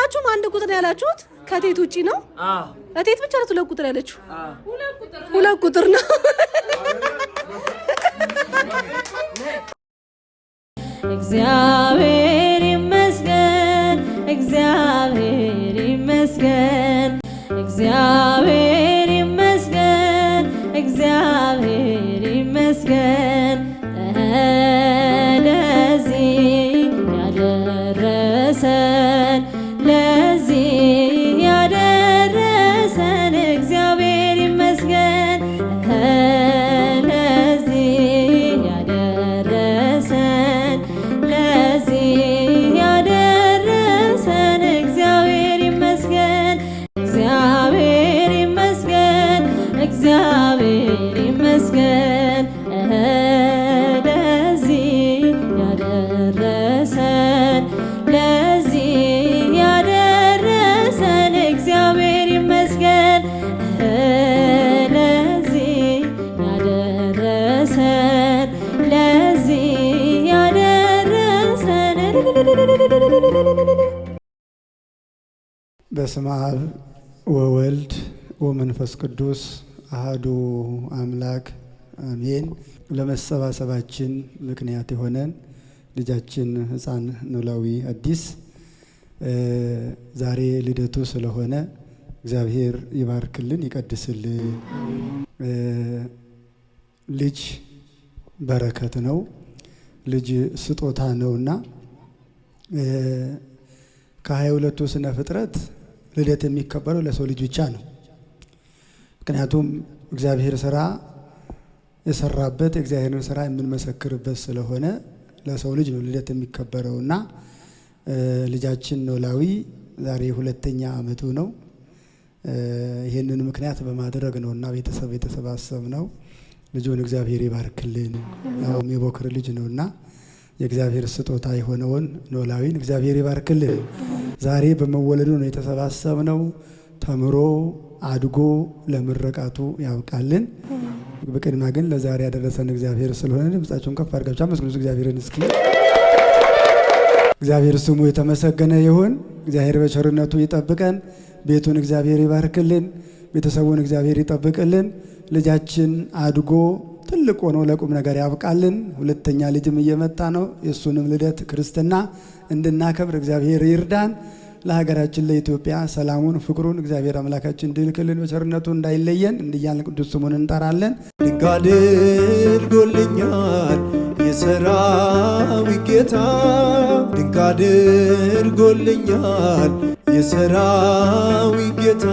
ሁላችሁም አንድ ቁጥር ያላችሁት ከቴት ውጪ ነው። እቴት ብቻ ናት ሁለት ቁጥር ያለችው። ሁለት ቁጥር ነው። እግዚአብሔር ይመስገን፣ እግዚአብሔር ይመስገን፣ እግዚአብሔር በስመ አብ ወወልድ ወመንፈስ ቅዱስ አህዱ አምላክ አሜን። ለመሰባሰባችን ምክንያት የሆነን ልጃችን ህፃን ኖላዊ አዲስ ዛሬ ልደቱ ስለሆነ እግዚአብሔር ይባርክልን፣ ይቀድስልን። ልጅ በረከት ነው። ልጅ ስጦታ ነውና ከሀያ ሁለቱ ስነ ፍጥረት ልደት የሚከበረው ለሰው ልጅ ብቻ ነው። ምክንያቱም እግዚአብሔር ስራ የሰራበት የእግዚአብሔርን ስራ የምንመሰክርበት ስለሆነ ለሰው ልጅ ነው ልደት የሚከበረው እና ልጃችን ኖላዊ ዛሬ ሁለተኛ ዓመቱ ነው። ይህንን ምክንያት በማድረግ ነው እና ቤተሰብ የተሰባሰብ ነው። ልጁን እግዚአብሔር ይባርክልን። ያውም የቦክር ልጅ ነው እና የእግዚአብሔር ስጦታ የሆነውን ኖላዊን እግዚአብሔር ይባርክልን። ዛሬ በመወለዱ ነው የተሰባሰብነው። ተምሮ አድጎ ለምረቃቱ ያብቃልን። በቅድሚያ ግን ለዛሬ ያደረሰን እግዚአብሔር ስለሆነ ድምጻቸውን ከፍ አድርጋችሁ አመስግኑ እግዚአብሔርን። እስኪ እግዚአብሔር ስሙ የተመሰገነ ይሁን። እግዚአብሔር በቸርነቱ ይጠብቀን። ቤቱን እግዚአብሔር ይባርክልን። ቤተሰቡን እግዚአብሔር ይጠብቅልን። ልጃችን አድጎ ትልቅ ሆኖ ለቁም ነገር ያብቃልን። ሁለተኛ ልጅም እየመጣ ነው። የእሱንም ልደት ክርስትና እንድናከብር እግዚአብሔር ይርዳን። ለሀገራችን ለኢትዮጵያ ሰላሙን፣ ፍቅሩን እግዚአብሔር አምላካችን እንዲልክልን በቸርነቱ እንዳይለየን እንድያልን ቅዱስ ስሙን እንጠራለን። ድንቅ አድርጎልኛል የሰራዊት ጌታ፣ ድንቅ አድርጎልኛል የሰራዊት ጌታ፣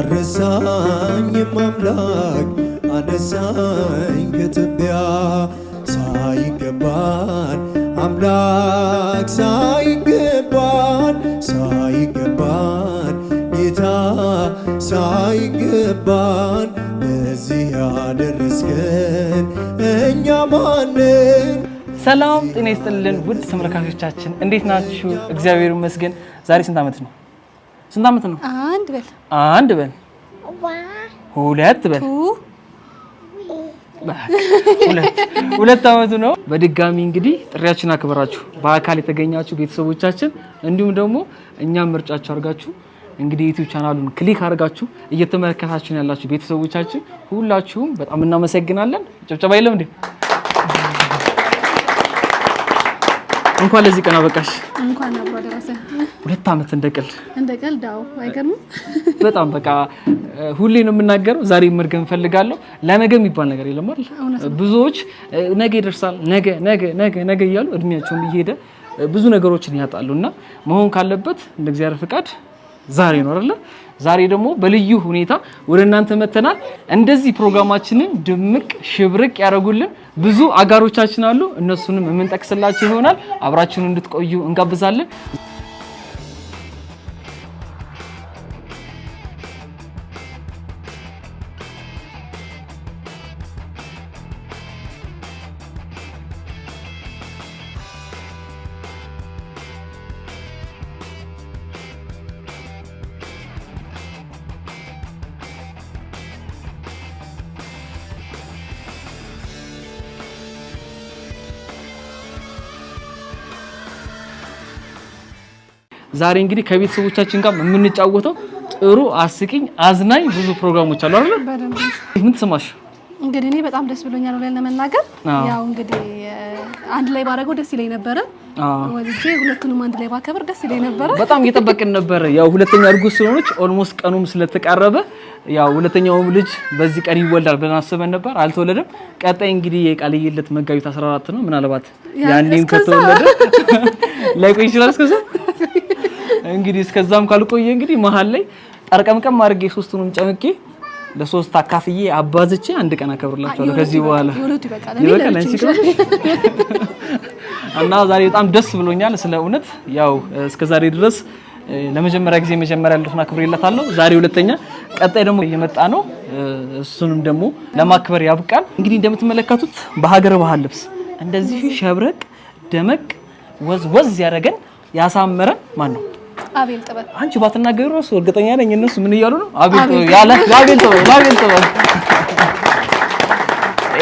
አረሳኝ አምላክ አነሳኝ ከትቢያ ሳይገባል አምላክ ሳይገባን ሳይገባን ጌታ ሳይገባን ለዚህ ያደረስከን እኛ ማንን ሰላም ጤና ይስጥልን። ውድ ተመልካቾቻችን እንዴት ናችሁ? እግዚአብሔር ይመስገን። ዛሬ ስንት ዓመት ነው? ስንት ዓመት ነው? አንድ በል አንድ በል ሁለት በል ሁለት ዓመቱ ነው። በድጋሚ እንግዲህ ጥሪያችን አክብራችሁ በአካል የተገኛችሁ ቤተሰቦቻችን እንዲሁም ደግሞ እኛም ምርጫችሁ አድርጋችሁ እንግዲህ ዩቲዩብ ቻናሉን ክሊክ አድርጋችሁ እየተመለከታችሁን ያላችሁ ቤተሰቦቻችን ሁላችሁም በጣም እናመሰግናለን። ጨብጨባ የለም እንዴ? እንኳን ለዚህ ቀን አበቃሽ። እንኳን አብሮ ደረሰ። ሁለት አመት እንደ ቀልድ እንደ ቀልድ። አይገርምም? በጣም በቃ ሁሌ ነው የምናገረው። ዛሬ ምርገን እፈልጋለሁ። ለነገ የሚባል ነገር የለም አይደል? ብዙዎች ነገ ይደርሳል፣ ነገ ነገ ነገ ነገ እያሉ እድሜያቸውን እየሄደ ብዙ ነገሮችን ያጣሉ እና መሆን ካለበት እንደ እግዚአብሔር ፍቃድ ዛሬ ነው አይደል? ዛሬ ደግሞ በልዩ ሁኔታ ወደ እናንተ መተናል። እንደዚህ ፕሮግራማችንን ድምቅ ሽብርቅ ያደረጉልን ብዙ አጋሮቻችን አሉ። እነሱንም የምንጠቅስላችሁ ይሆናል። አብራችሁን እንድትቆዩ እንጋብዛለን። ዛሬ እንግዲህ ከቤተሰቦቻችን ጋር የምንጫወተው ጥሩ አስቂኝ አዝናኝ ብዙ ፕሮግራሞች አሉ አይደል? ምን ተሰማሽ? እንግዲህ እኔ በጣም ደስ ብሎኛል ብለን ለመናገር ያው እንግዲህ አንድ ላይ ባደረገው ደስ ይለኝ ነበረ። ወልጄ ሁለቱንም አንድ ላይ ባከብር ደስ ይለኝ ነበረ። በጣም እየጠበቅን ነበረ። ያው ሁለተኛ እርጉዝ ስለሆነች ኦልሞስት ቀኑም ስለተቃረበ ያው ሁለተኛውም ልጅ በዚህ ቀን ይወልዳል ብለን አስበን ነበር፣ አልተወለደም። ቀጣይ እንግዲህ የቃል ዕለት መጋቢት 14 ነው። ምናልባት ያኔም ከተወለደ ላይቆይ ይችላል እስከዛ እንግዲህ እስከዛም ካልቆየ እንግዲህ መሀል ላይ ጠርቀምቀም አድርጌ ሶስቱንም ጨምቄ ለሶስት አካፍዬ አባዝቼ አንድ ቀን አከብርላችኋለሁ። ከዚህ በኋላ ይበቃል እና ዛሬ በጣም ደስ ብሎኛል። ስለ እውነት ያው እስከዛሬ ድረስ ለመጀመሪያ ጊዜ መጀመሪያ ልደቱን አክብሬላታለሁ። ዛሬ ሁለተኛ፣ ቀጣይ ደግሞ እየመጣ ነው። እሱንም ደግሞ ለማክበር ያብቃል። እንግዲህ እንደምትመለከቱት በሀገር ባህል ልብስ እንደዚህ ሸብረቅ ደመቅ ወዝ ወዝ ያደረገን ያሳመረን ማን ነው? አቤል ጥበብ። አንቺ ባትናገሩ እራሱ እርግጠኛ ነኝ እነሱ ምን እያሉ ነው? አቤል ጥበብ ያለ አቤል ጥበብ አቤል ጥበብ።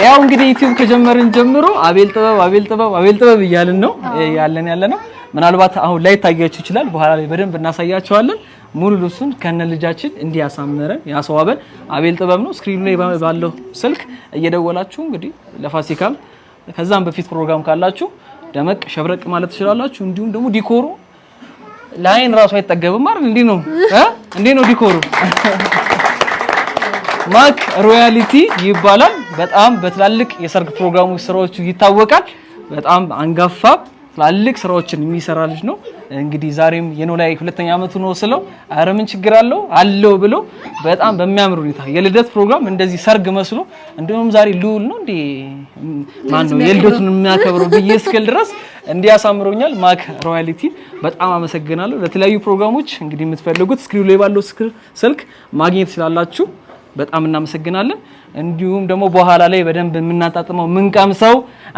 ያው እንግዲህ ዩቲዩብ ከጀመርን ጀምሮ አቤል ጥበብ አቤል ጥበብ አቤል ጥበብ እያልን ነው ያለን ያለ ነው። ምናልባት አሁን ላይ ታያችሁ ይችላል። በኋላ ላይ በደንብ እናሳያቸዋለን። ሙሉ ልብሱን ከነ ልጃችን እንዲህ ያሳመረን ያስዋበን አቤል ጥበብ ነው። ስክሪኑ ላይ ባለው ስልክ እየደወላችሁ እንግዲህ ለፋሲካም ከዛም በፊት ፕሮግራም ካላችሁ ደመቅ ሸብረቅ ማለት ትችላላችሁ። እንዲሁም ደግሞ ዲኮሩ ለአይን ራሱ አይጠገብም አይደል? እንዲህ ነው እንዲህ ነው ዲኮሩ። ማክ ሮያሊቲ ይባላል። በጣም በትላልቅ የሰርግ ፕሮግራሞች ስራዎቹ ይታወቃል። በጣም አንጋፋ ትላልቅ ስራዎችን የሚሰራ ልጅ ነው። እንግዲህ ዛሬም የኖላዊ ሁለተኛ አመቱ ነው ስለው ኧረ ምን ችግር አለው አለው ብሎ በጣም በሚያምር ሁኔታ የልደት ፕሮግራም እንደዚህ ሰርግ መስሎ እንዲሁም ዛሬ ልውል ነው እንዴ ማን ነው የልደቱን የሚያከብረው ብዬ እስክል ድረስ እንዲያሳምሩኛል። ማክ ሮያሊቲ በጣም አመሰግናለሁ። ለተለያዩ ፕሮግራሞች እንግዲህ የምትፈልጉት ስክሪኑ ላይ ባለው ስልክ ማግኘት ስላላችሁ በጣም እናመሰግናለን። እንዲሁም ደግሞ በኋላ ላይ በደንብ የምናጣጥመው እመን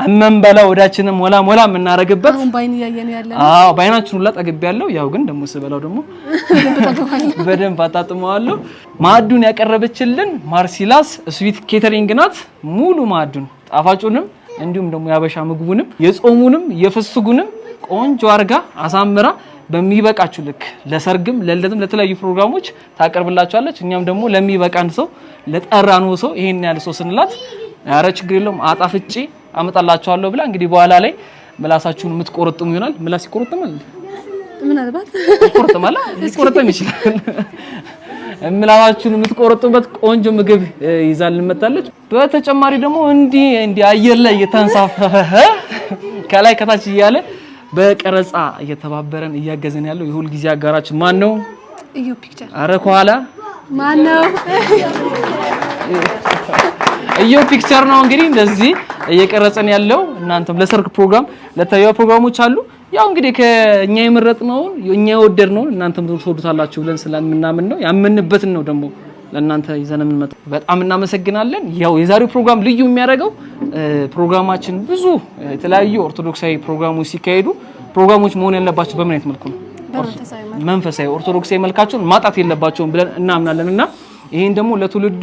እምንበላ ወዳችንም ሞላ ሞላ የምናረግበት አዎ፣ በአይናችን ሁላ ጠግብ ያለው ያው ግን ደግሞ ስበላው ደግሞ በደንብ አጣጥመዋለሁ። ማዕዱን ያቀረበችልን ማርሲላስ ስዊት ኬተሪንግ ናት። ሙሉ ማዕዱን ጣፋጩንም እንዲሁም ደግሞ የአበሻ ምግቡንም የጾሙንም የፍስጉንም ቆንጆ አርጋ አሳምራ በሚበቃችሁ ልክ ለሰርግም፣ ለልደትም፣ ለተለያዩ ፕሮግራሞች ታቀርብላችኋለች። እኛም ደግሞ ለሚበቃን ሰው ለጠራኑ ሰው ይሄን ያል ሰው ስንላት አረ ችግር የለውም አጣፍጬ አመጣላችኋለሁ ብላ እንግዲህ በኋላ ላይ ምላሳችሁን የምትቆረጥሙ ይሆናል። ምላስ ይቆረጥማል፣ ምናልባት ይቆረጥማል፣ ሊቆረጥም ይችላል። ምላባችሁን የምትቆረጡበት ቆንጆ ምግብ ይዛልን መጣለች። በተጨማሪ ደግሞ እንዲህ እንዲህ አየር ላይ እየተንሳፈፈ ከላይ ከታች እያለ በቀረጻ እየተባበረን እያገዘን ያለው የሁል ጊዜ አጋራችን ማን ነው? እዩ ፒክቸር። አረ ከኋላ ማን ነው? እዩ ፒክቸር ነው። እንግዲህ እንደዚህ እየቀረጸን ያለው እናንተም ለሰርግ ፕሮግራም ለተለያዩ ፕሮግራሞች አሉ ያው እንግዲህ ከኛ የመረጥነውን እኛ የወደድነውን እናንተም ትወዱታላችሁ ብለን ስለምናምን ነው ያመንበትን ነው ደግሞ ለእናንተ ይዘን የምንመጣው። በጣም እናመሰግናለን። ያው የዛሬው ፕሮግራም ልዩ የሚያደርገው ፕሮግራማችን ብዙ የተለያዩ ኦርቶዶክሳዊ ፕሮግራሞች ሲካሄዱ ፕሮግራሞች መሆን ያለባቸው በምን አይነት መልኩ ነው? መንፈሳዊ ኦርቶዶክሳዊ መልካቸውን ማጣት የለባቸውም ብለን እናምናለን እና ይህን ደግሞ ለትውልዱ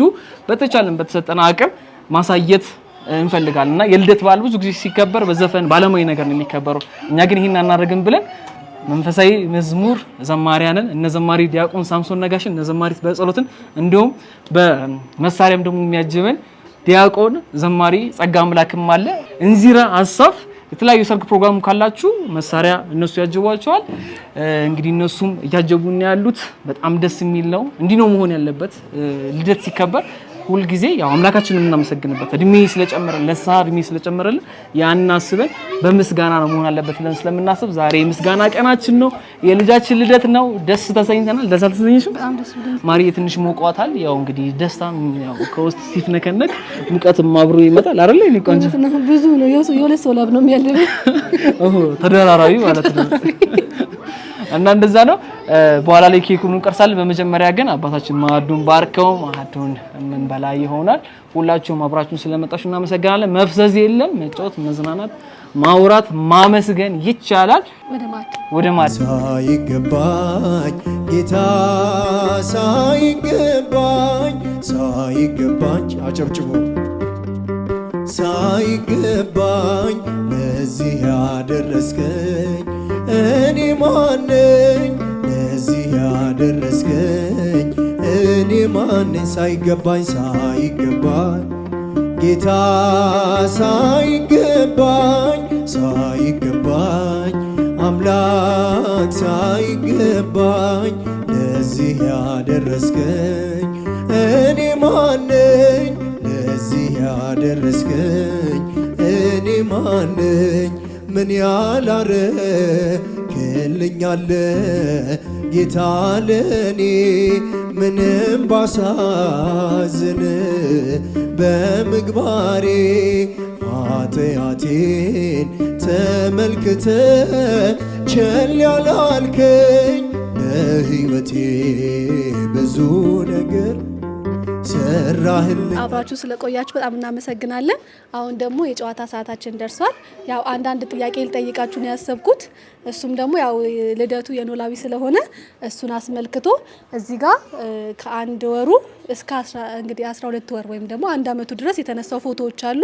በተቻለን በተሰጠነ አቅም ማሳየት እንፈልጋለን እና የልደት በዓል ብዙ ጊዜ ሲከበር በዘፈን ባለሙያዊ ነገር ነው የሚከበረው። እኛ ግን ይሄን አናደርግም ብለን መንፈሳዊ መዝሙር ዘማሪያንን እነ ዘማሪ ዲያቆን ሳምሶን ነጋሽን እነ ዘማሪት በጸሎትን እንዲሁም በመሳሪያም ደግሞ የሚያጅበን ዲያቆን ዘማሪ ጸጋ አምላክም አለ። እንዚራ አሳፍ የተለያዩ ሰርግ ፕሮግራም ካላችሁ መሳሪያ እነሱ ያጀቧቸዋል እንግዲህ እነሱም እያጀቡ ያሉት በጣም ደስ የሚል ነው። እንዲህ ነው መሆን ያለበት ልደት ሲከበር ሁልጊዜ ያው አምላካችን የምናመሰግንበት እድሜ ስለጨመረልን ለሳ እድሜ ስለጨመረልን ያን አስበን በምስጋና ነው መሆን አለበት ብለን ስለምናስብ ዛሬ የምስጋና ቀናችን ነው። የልጃችን ልደት ነው። ደስ ተሰኝተናል። ደስ አልተሰኘሽም? ማሪ ትንሽ ሞቋታል። ያው እንግዲህ ደስታ ያው ከውስጥ ሲፍነከነክ ሙቀትም አብሮ ይመጣል አይደል? እኔ ቆንጆ ብዙ ነው የሁለት ሰው ላብ ነው የሚያልበው ተደራራቢ ማለት ነው እና እንደዛ ነው። በኋላ ላይ ኬኩን እንቀርሳለን። በመጀመሪያ ግን አባታችን ማዕዱን ባርከው ማዕዱን በላይ ይሆናል። ሁላችሁም አብራችሁን ስለመጣችሁ እናመሰግናለን። መፍዘዝ የለም፣ መጫወት፣ መዝናናት፣ ማውራት፣ ማመስገን ይቻላል። ወደ ማዕድ ሳይገባኝ ጌታ ሳይገባኝ ሳይገባኝ አጨብጭቦ ሳይገባኝ ለዚህ ያደረስከኝ እኔ ማነኝ ለዚህ ያደረስከኝ? እኔ ማነኝ ሳይገባኝ ሳይገባኝ ጌታ ሳይገባኝ ሳይገባኝ አምላክ ሳይገባኝ ለዚህ ያደረስከኝ እኔ ማነኝ ለዚህ ያደረስከኝ እኔ ማነኝ ምን ያላረ ጌታ ለኔ ምንም ባሳዝን በምግባሬ ኃጢአቴን ተመልክተ ቸል ያላልከኝ በሕይወቴ ብዙ ነገር አብራችሁ ስለቆያችሁ በጣም እናመሰግናለን። አሁን ደግሞ የጨዋታ ሰዓታችን ደርሷል። ያው አንዳንድ ጥያቄ ልጠይቃችሁ ነው ያሰብኩት። እሱም ደግሞ ያው ልደቱ የኖላዊ ስለሆነ እሱን አስመልክቶ እዚህ ጋር ከአንድ ወሩ እስከ እንግዲህ 12 ወር ወይም ደግሞ አንድ አመቱ ድረስ የተነሳው ፎቶዎች አሉ።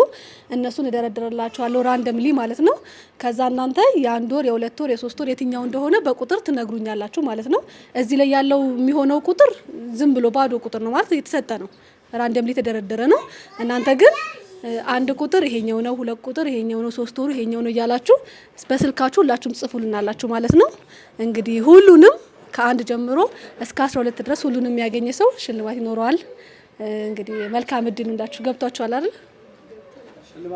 እነሱን እደረድርላችኋለሁ ራንደምሊ ማለት ነው። ከዛ እናንተ የአንድ ወር፣ የሁለት ወር፣ የሶስት ወር የትኛው እንደሆነ በቁጥር ትነግሩኛላችሁ ማለት ነው። እዚህ ላይ ያለው የሚሆነው ቁጥር ዝም ብሎ ባዶ ቁጥር ነው ማለት የተሰጠ ነው። ራንደምሊ የተደረደረ ነው። እናንተ ግን አንድ ቁጥር ይሄኛው ነው፣ ሁለት ቁጥር ይሄኛው ነው፣ ሶስት ወሩ ይሄኛው ነው እያላችሁ በስልካችሁ ሁላችሁም ጽፉልናላችሁ ማለት ነው እንግዲህ ሁሉንም ከአንድ ጀምሮ እስከ 12 ድረስ ሁሉንም ያገኘ ሰው ሽልማት ይኖረዋል። እንግዲህ መልካም እድል እንዳችሁ ገብቷችኋል አይደል?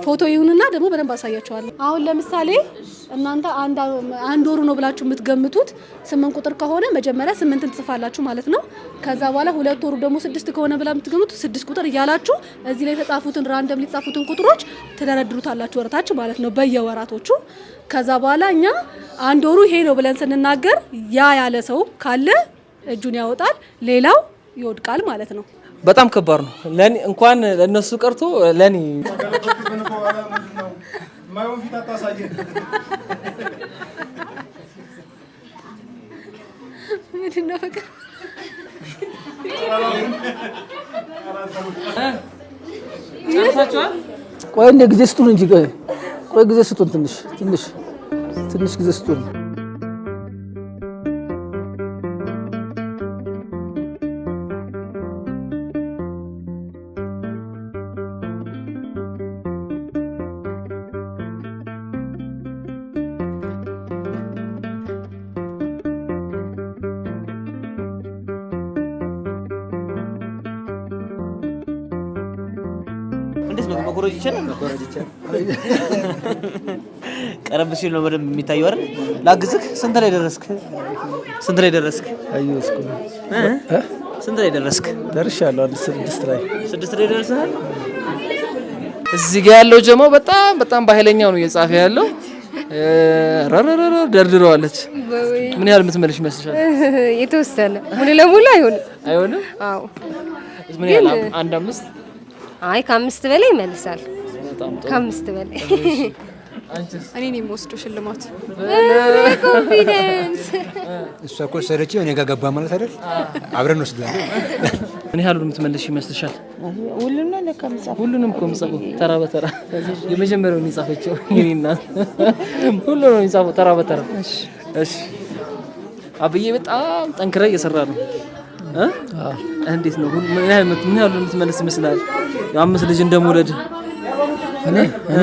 ፎቶ ይሁንና ደግሞ በደንብ አሳያቸዋለሁ። አሁን ለምሳሌ እናንተ አንድ ወሩ ነው ብላችሁ የምትገምቱት ስምንት ቁጥር ከሆነ መጀመሪያ ስምንትን ትጽፋላችሁ ማለት ነው። ከዛ በኋላ ሁለት ወሩ ደግሞ ስድስት ከሆነ ብላ የምትገምቱት ስድስት ቁጥር እያላችሁ እዚህ ላይ የተጻፉትን ራንደም ሊጻፉትን ቁጥሮች ትደረድሩታላችሁ ወረታች ማለት ነው በየወራቶቹ። ከዛ በኋላ እኛ አንድ ወሩ ይሄ ነው ብለን ስንናገር ያ ያለ ሰው ካለ እጁን ያወጣል፣ ሌላው ይወድቃል ማለት ነው። በጣም ከባድ ነው። ለኔ እንኳን ለነሱ ቀርቶ ለኔ በኋላ ምንድን ነው የማይሆን ፊት አታሳየን። ምንድን ነው ፍቅር ቆይ እንደ ጊዜ ስጡን እንጂ ቆይ ጊዜ ስጡን፣ ትንሽ ትንሽ ትንሽ ጊዜ ስጡን። ቀረብ ሲል ነው በደንብ የሚታየው አይደል? ላግዝህ። ስንት ላይ ደረስክ? ስንት ላይ ደረስክ? እ ስንት ላይ ደረስክ? ደርሻለሁ። አንድ ስድስት ላይ ስድስት ላይ ደርሰሃል። እዚህ ጋር ያለው ጀማው በጣም በጣም በኃይለኛው ነው እየጻፈ ያለው። ረረረረ ደርድረዋለች። ምን ያህል የምትመልሽ ይመስልሻል? የተወሰነ ሙሉ ለሙሉ አይሆንም አይሆንም። አዎ ምን ያህል አንድ አምስት አይ ከአምስት በላይ ይመልሳል። ከአምስት በላይ እኔ የምወስደው ሽልማት። ኮንፊደንስ እሷ እኮ ሰረቺ እኔ ጋር ገባ ማለት አይደል? አብረን እንወስዳለን። ምን ያህል የምትመልሽ ይመስልሻል? ሁሉንም ለካ እኮ ተራ በተራ የመጀመሪያው የጻፈችው። ሁሉ ነው የጻፈው ተራ በተራ። እሺ አብዬ በጣም ጠንክራ እየሰራ ነው። እንዴት ነው? ምን ያህል የምትመልስ ይመስላል? አምስት ልጅ እንደመውለድ እኔ እኔ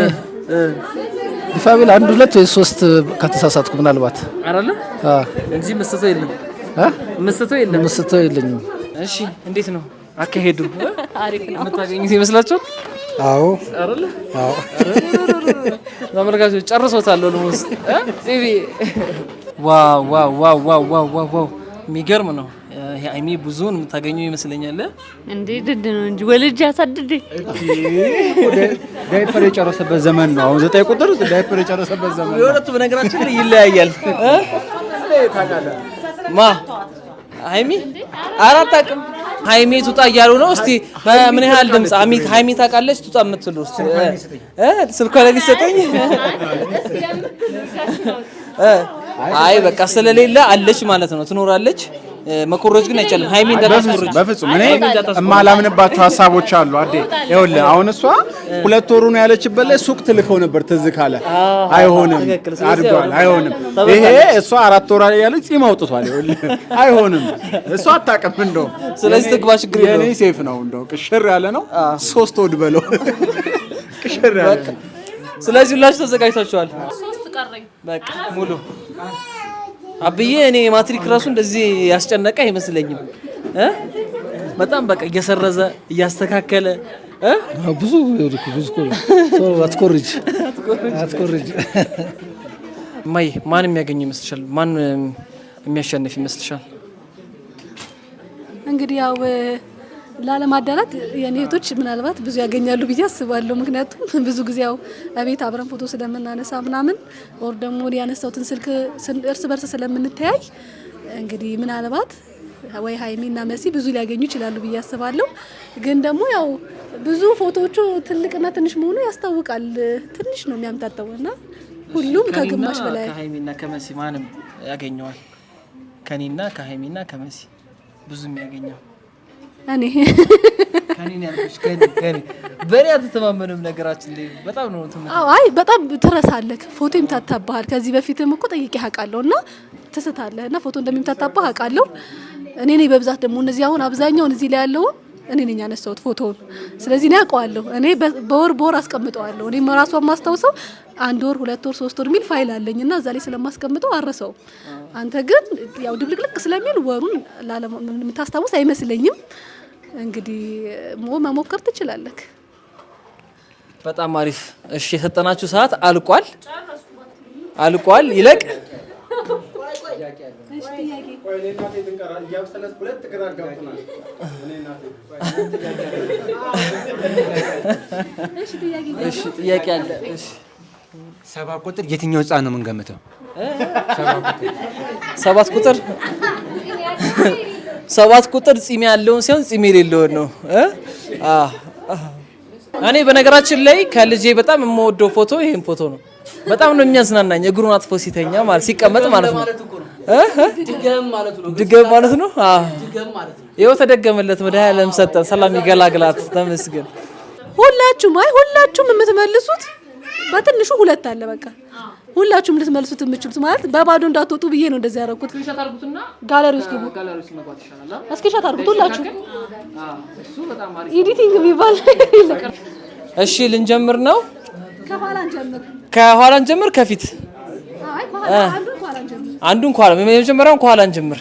ዲፋብል አንድ ሁለት ወይ ሶስት ከተሳሳትኩ ምናልባት አይደለ? አዎ እንጂ መስተቶ የለም እ መስተቶ የለም መስተቶ የለኝም። እሺ እንዴት ነው አካሄዱ? አሪፍ ነው። የምታገኙት ይመስላችኋል? አዎ አይደለ? አዎ ተመልካቾች ጨርሶታል። ኦልሞስት እ ዋው ዋው ዋው ዋው ዋው ዋው የሚገርም ነው። ይሄ አይሜ ብዙን የምታገኘው ይመስለኛል። እንዴ ድድ ነው እንጂ ወልጅ ያሳድድ ዳይፐር የጨረሰበት ዘመን ነው። አሁን ዘጠኝ ቁጥር ዳይፐር የጨረሰበት ዘመን ነው። የሁለቱ በነገራችን ላይ ይለያያል። ማ አይሚ አራት አቅም ሃይሜ ቱጣ እያሉ ነው። እስቲ ምን ያህል ድምጽ አሚት ሃይሜ ታውቃለች ቱጣ የምትሉ እስቲ እ ስልኳ ሊሰጠኝ። አይ በቃ ስለሌለ አለች ማለት ነው፣ ትኖራለች። መኮረጅ ግን አይቻልም። ሃይሚ እንዳታስቆርጅ በፍጹም። እኔ እማላምንባቸው ሀሳቦች አሉ። አዴ ይኸውልህ፣ አሁን እሷ ሁለት ወሩ ነው ያለችበት ላይ ሱቅ ትልከው ነበር፣ ትዝ ካለ አይሆንም፣ አድጓል፣ አይሆንም። ይሄ እሷ አራት ወር ያለች ጺም አውጥቷል። ይኸውልህ፣ አይሆንም፣ እሷ አታውቅም። እንደውም ስለዚህ ትግባ፣ ችግር የለውም። የእኔ ሴፍ ነው፣ እንደው ቅሽር ያለ ነው። ሶስት ወድ በለው ቅሽር ያለ። ስለዚህ ሁላችሁ ተዘጋጅታችኋል። ሶስት ቀረኝ በቃ ሙሉ አብዬ እኔ ማትሪክ ራሱ እንደዚህ ያስጨነቀ አይመስለኝም። በጣም በቃ እየሰረዘ እያስተካከለ ብዙ ብዙ አትኮርጅ አትኮርጅ። እማዬ ማን የሚያገኘው ይመስልሻል? ማን የሚያሸንፍ ይመስልሻል? እንግዲህ ያው ላለማዳላት የኔ እህቶች ምናልባት ብዙ ያገኛሉ ብዬ አስባለሁ። ምክንያቱም ብዙ ጊዜ ያው ቤት አብረን ፎቶ ስለምናነሳ ምናምን ወር ደግሞ ያነሳውትን ስልክ እርስ በርስ ስለምንተያይ እንግዲህ ምናልባት ወይ እና መሲ ብዙ ሊያገኙ ይችላሉ ብዬ አስባለሁ። ግን ደግሞ ያው ብዙ ፎቶዎቹ ትልቅና ትንሽ መሆኑ ያስታውቃል። ትንሽ ነው የሚያምታተው እና ሁሉም ከግማሽ በላይ ከሀይሚና ከመሲ ማንም ያገኘዋል። ከኔና ከሀይሚና ከመሲ ብዙ የሚያገኘው እኔ በእኔ አትተማመንም። ነገራችን ላይ በጣም ነው። አይ በጣም ትረሳለህ። ፎቶ ይምታታብሃል። ከዚህ በፊትም እኮ ጠይቄ አውቃለሁ እና ትስታለህ እና ፎቶ እንደሚምታታብህ አውቃለሁ። እኔ ነኝ በብዛት ደግሞ እነዚህ አሁን አብዛኛውን እዚህ ላይ ያለውን እኔ ነኝ ያነሳሁት ፎቶውን። ስለዚህ እኔ አውቀዋለሁ። እኔ በወር በወር አስቀምጠዋለሁ። እኔም ራሷ የማስታውሰው አንድ ወር፣ ሁለት ወር፣ ሶስት ወር የሚል ፋይል አለኝ እና እዛ ላይ ስለማስቀምጠው አረሰው። አንተ ግን ያው ድብልቅልቅ ስለሚል ወሩን የምታስታውስ አይመስለኝም። እንግዲህ መሞከር ትችላለህ። በጣም አሪፍ። እሺ የሰጠናችሁ ሰዓት አልቋል አልቋል። ይለቅ ጥያቄ አለ። ቁጥር የትኛው ህፃን ነው የምንገምተው? ሰባት ቁጥር ሰባት ቁጥር ፂም ያለውን ሲሆን ፂም የሌለውን ነው። እኔ በነገራችን ላይ ከልጄ በጣም የምወደው ፎቶ ይሄን ፎቶ ነው። በጣም ነው የሚያዝናናኝ። እግሩን አጥፎ ሲተኛ ማለት ሲቀመጥ ማለት ነው። ድገም ማለት ነው። ይኸው ተደገመለት። መድኃኒዓለም ሰጠን። ሰላም ይገላግላት። ተመስገን። ሁላችሁም አይ ሁላችሁም የምትመልሱት በትንሹ ሁለት አለ። በቃ ሁላችሁም ልትመልሱት የምችሉት ማለት በባዶ እንዳትወጡ ብዬ ነው እንደዚህ ያደረኩት። ጋለሪ ውስጥ ግቡ፣ እስኪ ሻት አድርጉት ሁላችሁ። ኢዲቲንግ የሚባል እሺ፣ ልንጀምር ነው። ከኋላ እንጀምር፣ ከፊት አንዱን ከኋላ የመጀመሪያውን ከኋላ እንጀምር።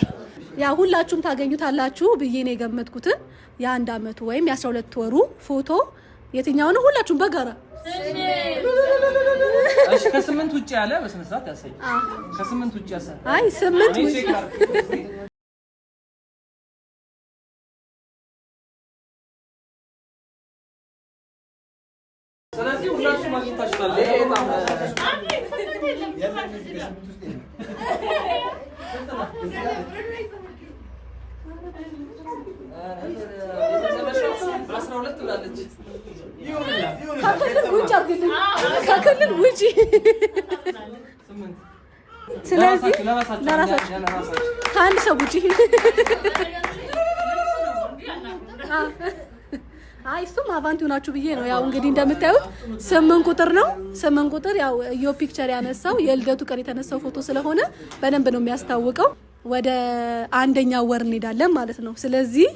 ያ ሁላችሁም ታገኙታላችሁ ብዬ ነው የገመትኩትን የአንድ አመቱ ወይም የአስራ ሁለት ወሩ ፎቶ የትኛው ነው? ሁላችሁም በጋራ ከስምንት ውጭ ያለ በስነ ስርዓት ያሳይ። ከስምንት ውጭ ያሳይ። አይ ስምንት ውጭ ስለዚህ ሁላችሁም አግኝታችኋል። ብላለች። ከክልል ውጭ አድርግልኝ፣ ከክልል ውጭ። ስለዚህ ለራሳችን ከአንድ ሰው ውጭ። አይ እሱም አቫንቲ ሆናችሁ ብዬ ነው። ያው እንግዲህ እንደምታዩት ስምንት ቁጥር ነው። ስምንት ቁጥር ያው ዮ ፒክቸር ያነሳው የልደቱ ቀን የተነሳው ፎቶ ስለሆነ በደንብ ነው የሚያስታውቀው። ወደ አንደኛ ወር እንሄዳለን ማለት ነው። ስለዚህ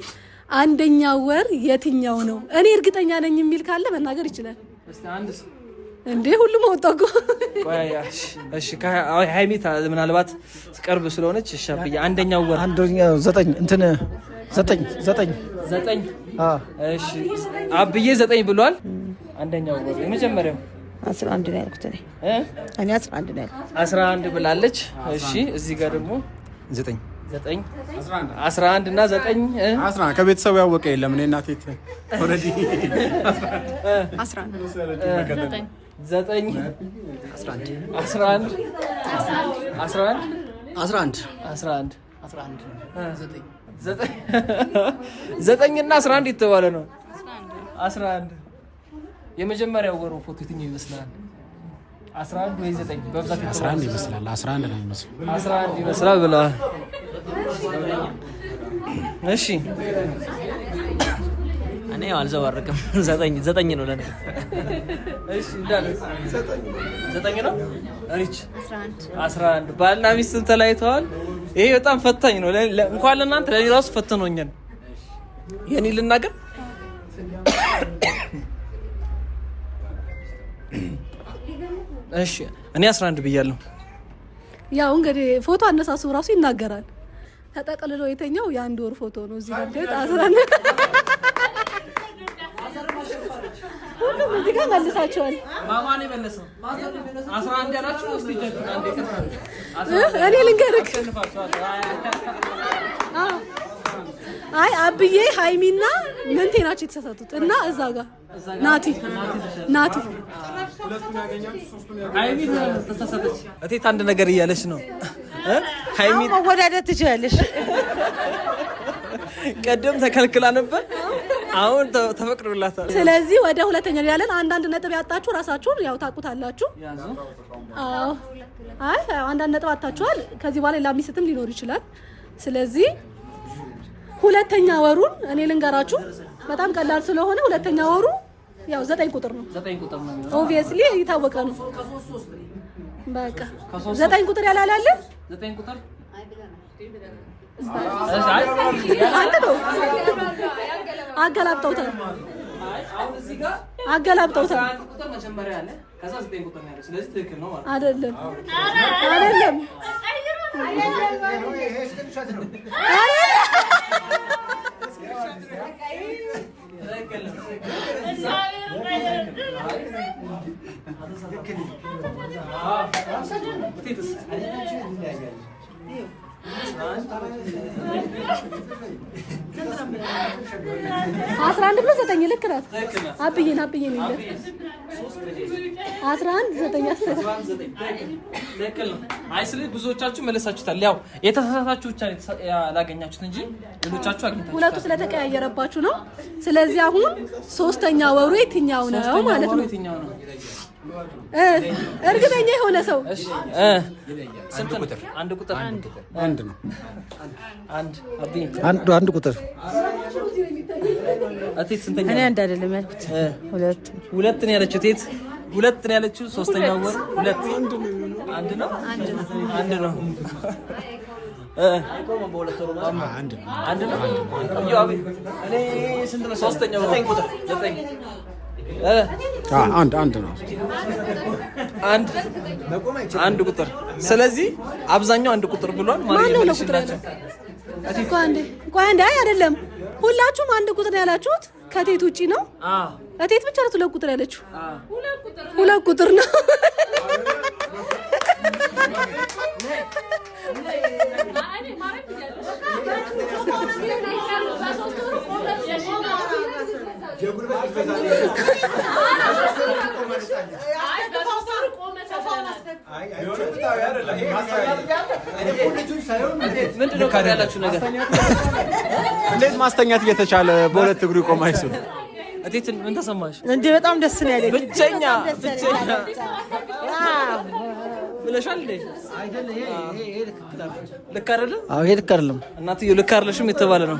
አንደኛ ወር የትኛው ነው? እኔ እርግጠኛ ነኝ የሚል ካለ መናገር ይችላል። እንዴ ሁሉም አወጣ እሺ ሀይሚት ምናልባት ቅርብ ስለሆነች ሻብያ አንደኛው ወር አንደኛ ዘጠኝ እንትን ዘጠኝ ዘጠኝ ዘጠኝ እሺ አብዬ ዘጠኝ ብሏል። አንደኛው ወር የመጀመሪያው አስራ አንድ ነው ያልኩት እኔ አንድ አስራ አንድ ብላለች። እሺ እዚህ ጋር ደግሞ ዘጠኝ አስራ አንድ እና ዘጠኝ ከቤተሰቡ ያወቀ የለም። እኔ እናቴ ኦልሬዲ ዘጠኝ እና አስራ አንድ የተባለ ነው። አስራ አንድ የመጀመሪያው ወሮ ፎቶ የትኛው ይመስላል? አስራ አንድ ወይ ዘጠኝ በብዛት አስራ አንድ ይመስላል። አስራ አንድ ነው ይመስላል። ይመስላል ብለዋል። እሺ እኔ አልዘባርቅም። ዘጠኝ ዘጠኝ ነው ለኔ። እሺ እንዳለ ዘጠኝ ነው። ሪች አስራ አንድ ባልና ሚስትን ተለያይተዋል። ይሄ በጣም ፈታኝ ነው እንኳን ለእናንተ ለኔ ራሱ ፈትኖኛል። የኔ ልናገር እሺ እኔ አስራ አንድ ብያለሁ። ያው እንግዲህ ፎቶ አነሳሱ ራሱ ይናገራል። ተጠቅልሎ የተኛው የአንድ ወር ፎቶ ነው። እዚህ ጋር ታዝራለ ሁሉም እዚህ ጋር መልሳቸዋል። እኔ ልንገርክ፣ አይ አብዬ ሀይሚና መንቴ ናቸው የተሳሳቱት እና እዛ ጋር ናቲ ናቲ እቴት አንድ ነገር እያለች ነው ሀይሚ መወዳደር ትችላለሽ። ቀደም ተከልክላ ነበር፣ አሁን ተፈቅዶላታል። ስለዚህ ወደ ሁለተኛ ያለን አንዳንድ ነጥብ ያጣችሁ ራሳችሁን ያው ታውቁታላችሁ። አይ አንዳንድ ነጥብ አጣችኋል። ከዚህ በኋላ ሌላ ሚስትም ሊኖር ይችላል። ስለዚህ ሁለተኛ ወሩን እኔ ልንገራችሁ በጣም ቀላል ስለሆነ ሁለተኛ ወሩ ያው ዘጠኝ ቁጥር ነው። ኦብቪየስሊ የታወቀ ነው። በቃ ዘጠኝ ቁጥር ያላላለን ዘጠኝ ቁጥር አገላብጠውታል አገላብጠውታል። አይደለም አይደለም አይደለም ነው አስራ አንድ ብሎ ዘጠኝ ልክ ናት። አብዬን አብዬን ይለ አስራ አንድ ዘጠኝ አይ ስለ ብዙዎቻችሁ መለሳችሁታል። ያው የተሳሳታችሁ ብቻ ያላገኛችሁት እንጂ ሌሎቻችሁ አግኝታችሁ ሁለቱ ስለተቀያየረባችሁ ነው። ስለዚህ አሁን ሶስተኛ ወሩ የትኛው ነው ማለት ነው? እርግጠኛ የሆነ ሰው አንድ ነው። አንድ አንድ ቁጥር እኔ አንድ አይደለም ያልኩት ሁለት ሁለት ነው ያለችው ቴት ሁለት ነው ያለችው። ሶስተኛው ወር ሁለት አንድ ነው አንድ ነው አንድ ነው። አንድ አንድ ነው አንድ አንድ ቁጥር። ስለዚህ አብዛኛው አንድ ቁጥር ብሏል ማለት ነው። ቁጥር ያለው ቆይ አንድ አይ አይደለም፣ ሁላችሁም አንድ ቁጥር ያላችሁት ከቴት ውጪ ነው። እቴት ብቻ ነው ሁለት ቁጥር ያለችው። ሁለት ቁጥር ነው። ያላችሁ ነገር እንዴት ማስተኛት እየተቻለ በሁለት እግሩ ይቆማል ሰው? እንዴት ምን ተሰማሽ? እንደ በጣም ደስ ነው ያለኝ። ብቸኛ ብቸኛ ብለሻል ልክ አይደለም። ልክ አይደለም። እናትዬው ልክ አይደለሽም የተባለ ነው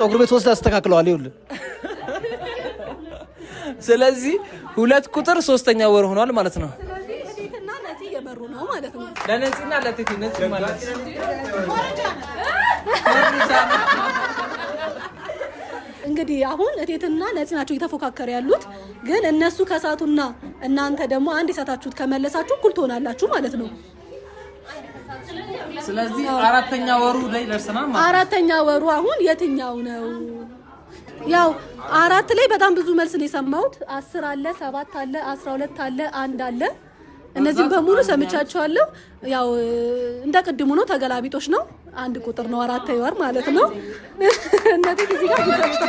ፀጉር ቤት ወስድ አስተካክለዋል። ይኸውልህ ስለዚህ ሁለት ቁጥር ሶስተኛ ወር ሆኗል ማለት ነው። እንግዲህ አሁን እቴትና ነፂ ናቸው እየተፎካከረ ያሉት። ግን እነሱ ከሳቱና እናንተ ደግሞ አንድ የሳታችሁት ከመለሳችሁ እኩል ትሆናላችሁ ማለት ነው። ስለዚህ አራተኛ ወሩ ላይ ደርሰናል ማለት አራተኛ ወሩ አሁን የትኛው ነው? ያው አራት ላይ በጣም ብዙ መልስ ነው የሰማሁት። አስር አለ፣ ሰባት አለ፣ አስራ ሁለት አለ፣ አንድ አለ። እነዚህም በሙሉ ሰምቻቸዋለሁ። ያው እንደ ቅድሙ ነው፣ ተገላቢጦች ነው። አንድ ቁጥር ነው አራት ወር ማለት ነው። እነዚህ ጊዜ ጋር ይዘ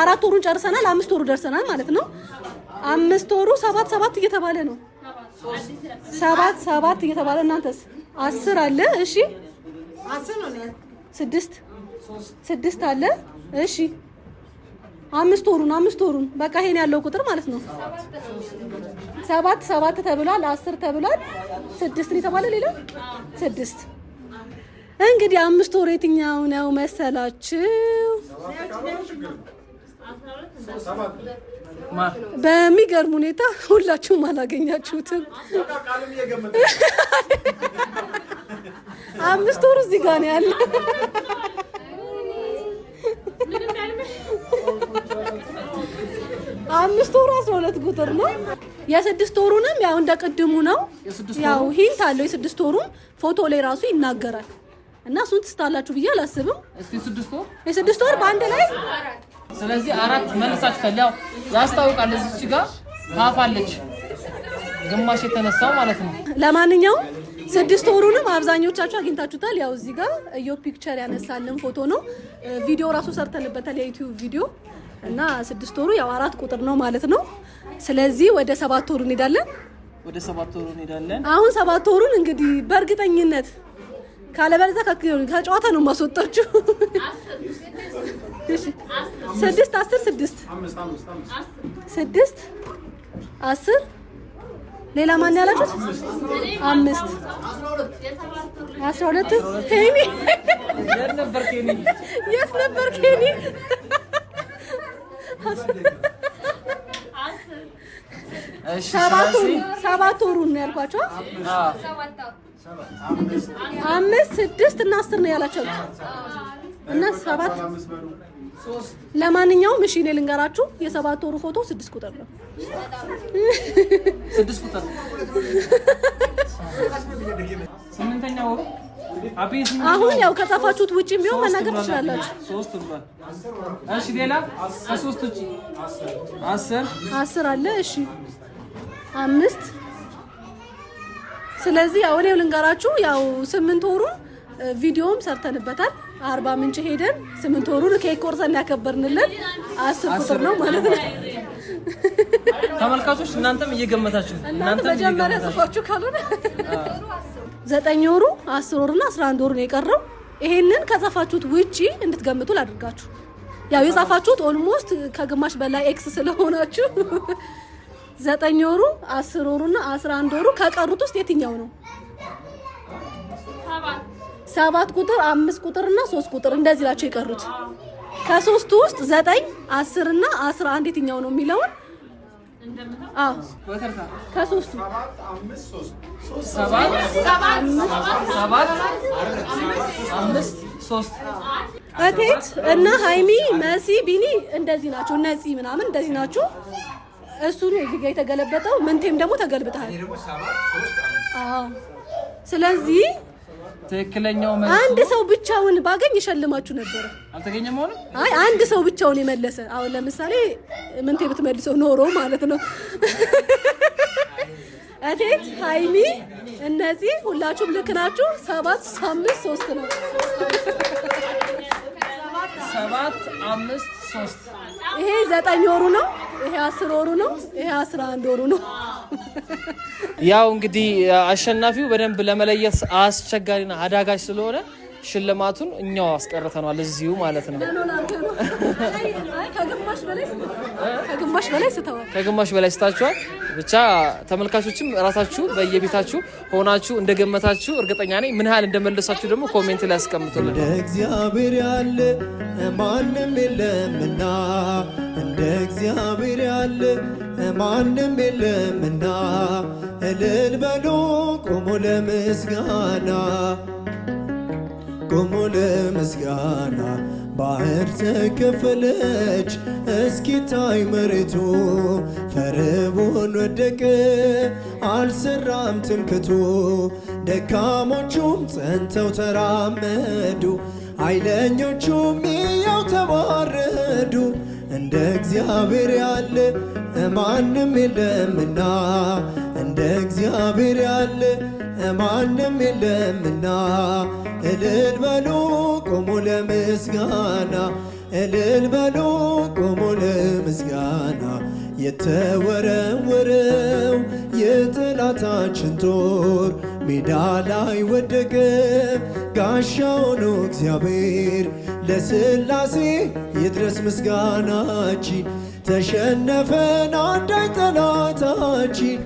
አራት ወሩን ጨርሰናል። አምስት ወሩ ደርሰናል ማለት ነው። አምስት ወሩ ሰባት ሰባት እየተባለ ነው። ሰባት ሰባት እየተባለ እናንተስ? አስር አለ። እሺ ስድስት ስድስት አለ። እሺ አምስት ወሩን አምስት ወሩን በቃ ይሄን ያለው ቁጥር ማለት ነው። ሰባት ሰባት ተብሏል። አስር ተብሏል። ስድስት ነው የተባለ ሌላ ስድስት እንግዲህ አምስት ወር የትኛው ነው መሰላችሁ? በሚገርም ሁኔታ ሁላችሁም አላገኛችሁትም። አምስት ወሩ እዚህ ጋር ነው ያለ። አምስት ወሩ አስራ ሁለት ቁጥር ነው። የስድስት ወሩንም ያው እንደ ቅድሙ ነው። ያው ሂንት አለው። የስድስት ወሩም ፎቶ ላይ ራሱ ይናገራል እና እሱን ትስታላችሁ ብዬ አላስብም። የስድስት ወር በአንድ ላይ ስለዚህ አራት መልሳች ፈላው ያስታውቃል። እዚች ጋር ታፋለች ግማሽ የተነሳው ማለት ነው። ለማንኛውም ስድስት ወሩንም አብዛኞቻችሁ አግኝታችሁታል። ያው እዚህ ጋር ዮ ፒክቸር ያነሳልን ፎቶ ነው። ቪዲዮ ራሱ ሰርተንበታል፣ የዩቲዩብ ቪዲዮ እና ስድስት ወሩ ያው አራት ቁጥር ነው ማለት ነው። ስለዚህ ወደ ሰባት ወሩ እንሄዳለን። ወደ ሰባት ወሩ እንሄዳለን። አሁን ሰባት ወሩን እንግዲህ በእርግጠኝነት ካለበለዚያ ከጨዋታ ነው ማስወጣችሁ። ስድስት አስር ስድስት ስድስት አስር ሌላ ማን ያላችሁት? አምስት አስራ ሁለት ቴኒ የት ነበር ኬኒ? ሰባቱን ሰባቱን ነው ያልኳቸው። አምስት ስድስት እና አስር ነው ያላቸው እና ሰባት ለማንኛውም እሺ እኔ ልንገራችሁ የሰባት ወሩ ፎቶ ስድስት ቁጥር ነው። ስድስት ቁጥር ስምንተኛ ወሩ አሁን ያው ከጻፋችሁት ውጪ ቢሆን መናገር ትችላላችሁ። ሶስት ብሏል። እሺ ሌላ ከሶስት ውጪ አስር አስር አለ። እሺ አምስት ስለዚህ አሁን እኔው ልንገራችሁ ያው ስምንት ወሩን ቪዲዮም ሰርተንበታል። አርባ ምንጭ ሄደን ስምንት ወሩን ኬክ ቆርሰን ያከበርንልን አስር ቁጥር ነው ማለት ነው። ተመልካቾች እናንተም እየገመታችሁ እናንተ መጀመሪያ ጽፋችሁ ካልሆነ ዘጠኝ ወሩ አስር ወሩና አስራ አንድ ወሩ ነው የቀረው። ይሄንን ከጻፋችሁት ውጪ እንድትገምቱ ላድርጋችሁ። ያው የጻፋችሁት ኦልሞስት ከግማሽ በላይ ኤክስ ስለሆናችሁ ዘጠኝ ወሩ አስር ወሩና አስራ አንድ ወሩ ከቀሩት ውስጥ የትኛው ነው? ሰባት ቁጥር አምስት ቁጥር እና ሶስት ቁጥር እንደዚህ ናቸው የቀሩት። ከሶስቱ ውስጥ ዘጠኝ አስር እና አስራ አንድ የትኛው ነው የሚለውን አዎ ከሶስቱ እቴት እና ሃይሚ መሲ ቢኒ እንደዚህ ናቸው። እነዚህ ምናምን እንደዚህ ናቸው። እሱ ነው እዚህ ጋር የተገለበጠው። ምንቴም ደግሞ ተገልብጠሃል። ስለዚህ ትክክለኛው አንድ ሰው ብቻውን ባገኝ ይሸልማችሁ ነበረ። አልተገኘም። አይ አንድ ሰው ብቻውን የመለሰ አሁን ለምሳሌ ምንቴ ብትመልሰው ኖሮ ማለት ነው እቴት ሀይሚ፣ እነዚህ ሁላችሁም ልክ ናችሁ። ሰባት አምስት ሶስት ነው ሰባት አምስት ሶስት ይሄ ዘጠኝ ወሩ ነው። ይሄ አስር ወሩ ነው። ይሄ አስራ አንድ ወሩ ነው። ያው እንግዲህ አሸናፊው በደንብ ለመለየት አስቸጋሪና አዳጋች ስለሆነ ሽልማቱን እኛው አስቀርተኗል እዚሁ ማለት ነው። ከግማሽ በላይ ስታችኋል። ብቻ ተመልካቾችም ራሳችሁ በየቤታችሁ ሆናችሁ እንደገመታችሁ እርግጠኛ ነኝ። ምን ያህል እንደመለሳችሁ ደግሞ ኮሜንት ላይ ያስቀምጡልን። እንደ እግዚአብሔር ያለ ማንም የለምና እንደ እግዚአብሔር ያለ ማንም የለምና እልል በሉ ቆሞ ለምስጋና ቆሞ ለምስጋና ባህር ተከፈለች እስኪታይ መሬቱ ፈርዖን ወደቀ አልሰራም ትምክቱ ደካሞቹም ጸንተው ተራመዱ ኃይለኞቹም ያው ተዋረዱ እንደ እግዚአብሔር ያለ ማንም የለምና እንደ እግዚአብሔር ያለ ማንም የለምና እልል በሉ ቁሙ ለምስጋና እልል በሉ ቁሙ ለምስጋና የተወረወረው የጠላታችን ጦር ሜዳ ላይ ወደቀ ጋሻ ሆኖ እግዚአብሔር ለሥላሴ ይድረስ ምስጋናችን ተሸነፈን አንዳች ጠላታችን